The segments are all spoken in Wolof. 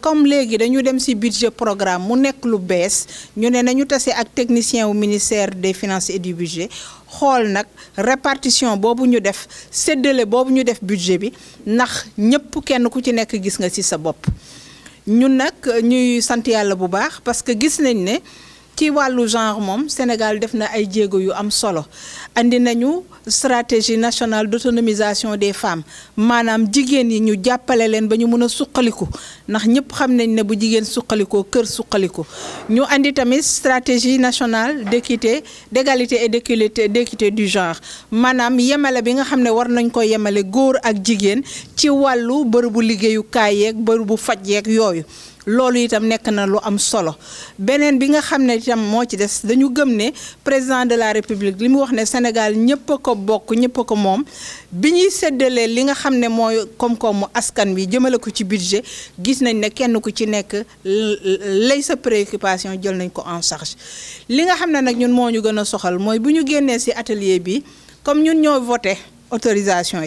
comme légui dañu dem ci budget programme mu nek lu bess ñu né nañu tassé ak technicien wu ministère des finances et du budget xol nak répartition bobu ñu def sédélé bobu ñu def budget bi nax ñépp kenn ku ci nek gis nga ci sa bop ñun nak ñuy sant yalla bu baax parce que gis nañ ne ci wàllu genre moom Sénégal def na ay jéego yu am solo indi nañu stratégie nationale d'autonomisation des femmes maanaam jigéen yi ñu jàppale leen ba ñu mën a suqaliku ndax ñëpp xam nañ ne bu jigéen suqalikoo kër suqaliku ñu indi tamit stratégie nationale d'équité d'égalité et d'équité d'équité du genre maanaam yemale bi nga xam ne war nañ ko yemale góor ak jigéen ci wàllu bërëbu liggéeyukaay yeeg bu faj yeeg yooyu loolu itam nekk na lu am solo beneen bi nga xam président de la république li mu Sénégal ñëpp ko ko bi ñuy ne comme askan ko budget gis nañ ne kenn ku ci nekk lay sa préoccupation jël nañ ko en charge li soxal atelier bi comme autorisation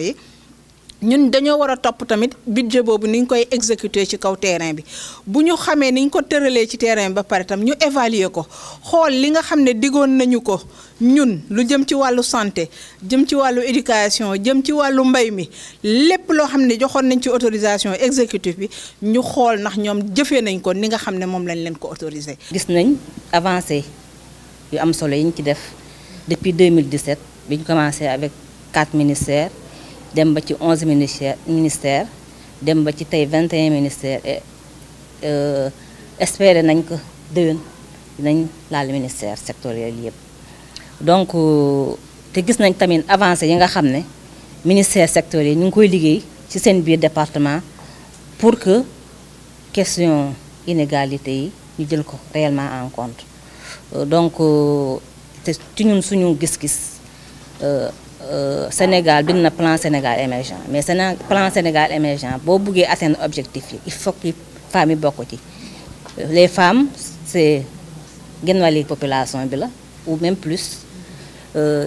ñun dañoo war a topp tamit budget boobu ni ñu koy exécuter ci kaw terrain bi bu ñu xamee ni ñu ko tëralee ci terrain bi ba pare tam ñu évaluer ko xool li nga xam ne diggoon nañu ko ñun lu jëm ci wàllu santé jëm ci wàllu éducation jëm ci wàllu mbay mi lépp loo xam ne joxoon nañ ci autorisation exécutif bi ñu xool ndax ñoom jëfee nañ ko ni nga xam ne moom lañ leen ko autoriser. gis nañ avancé yu am solo yi ñu ci def depuis 2017 bi commencé avec quatre ministères dem ba ci onze ministère ministères dem ba ci tey 21 ministères et euh, espéré nañ ko déwén dinañ laal ministère sectoriel yépp donc euh, te gis nañ tamit avancé yi nga xamné ministère sectoriel ñu ngi koy liggéey ci seen biir département pour que question inégalité yi ñu jël ko réellement en compte euh, donc te ci ñun suñu gis-gis euh, euh, Sénégal bind na plan Sénégal émergent mais ce plan Sénégal émergent boo buggee atteindre objectif il faut que femmes yi bokk les femmes c'est est genn wàllu population bi la ou même plus euh,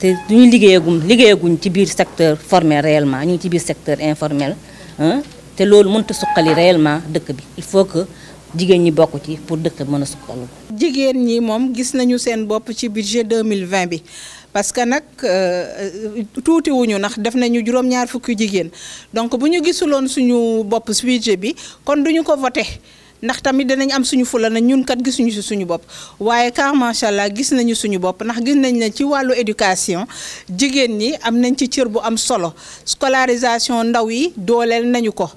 te du ñu liggéeyagum liggéeyaguñ ci biir secteur formel réellement ñu ngi ci biir secteur informel hein, te loolu mënut a suqali réellement dëkk bi il faut que jigéen ñi bokk ci pour dëkk bi mën a suqalu. jigéen ñi moom gis nañu seen bopp ci budget 2020 bi. parce que nag euh, tuuti wuñu ndax def nañu juróom-ñaar fukki jigéen donc bu ñu gisuloon suñu bopp sujet bi kon duñu ko voté ndax tamit danañ am suñu fula na ñun kat gisuñu si suñu bopp waaye car macha allah gis nañu suñu bopp ndax gis nañ ne ci wàllu éducation jigéen ñi am nañ ci cër bu am solo scolarisation ndaw yi dooleel nañu ko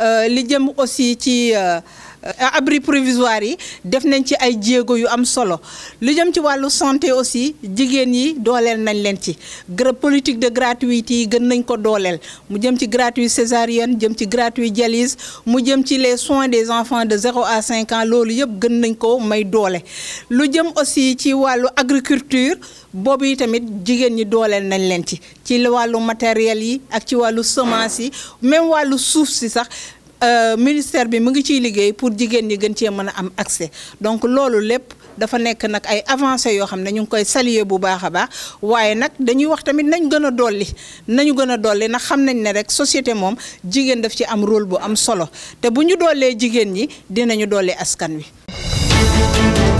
euh, li jëm aussi ci. Euh, Euh, euh, abris provisoire yi def nañ ci ay jéego yu am solo lu jëm ci wàllu santé aussi jigéen yi dooleel nañ leen ci politique de gratuité yi gën nañ ko dooleel mu jëm ci gratuit césarienne jëm ci gratuit dialyse mu jëm ci les soins des enfants de zéro à cinq loolu yëpp gën nañ ko may doole lu jëm aussi ci wàllu agriculture boobu yi tamit jigéen ñi dooleel nañ leen ci ci wàllu matériel yi ak ci wàllu semence yi même wàllu suuf si sax Euh, ministère bi mu ngi ciy liggéey pour jigéen ñi gën cee mën a am accès donc loolu lépp dafa nekk nag ay avancées yoo xam ne ñu ngi koy saluer bu baax a baax waaye nag dañuy wax tamit nañ gën a dolli nañu gën a dolli nag xam nañ ne rek société moom jigéen daf ci am rôle bu am solo te bu ñu doolee jigéen ñi dinañu dolli askan wi.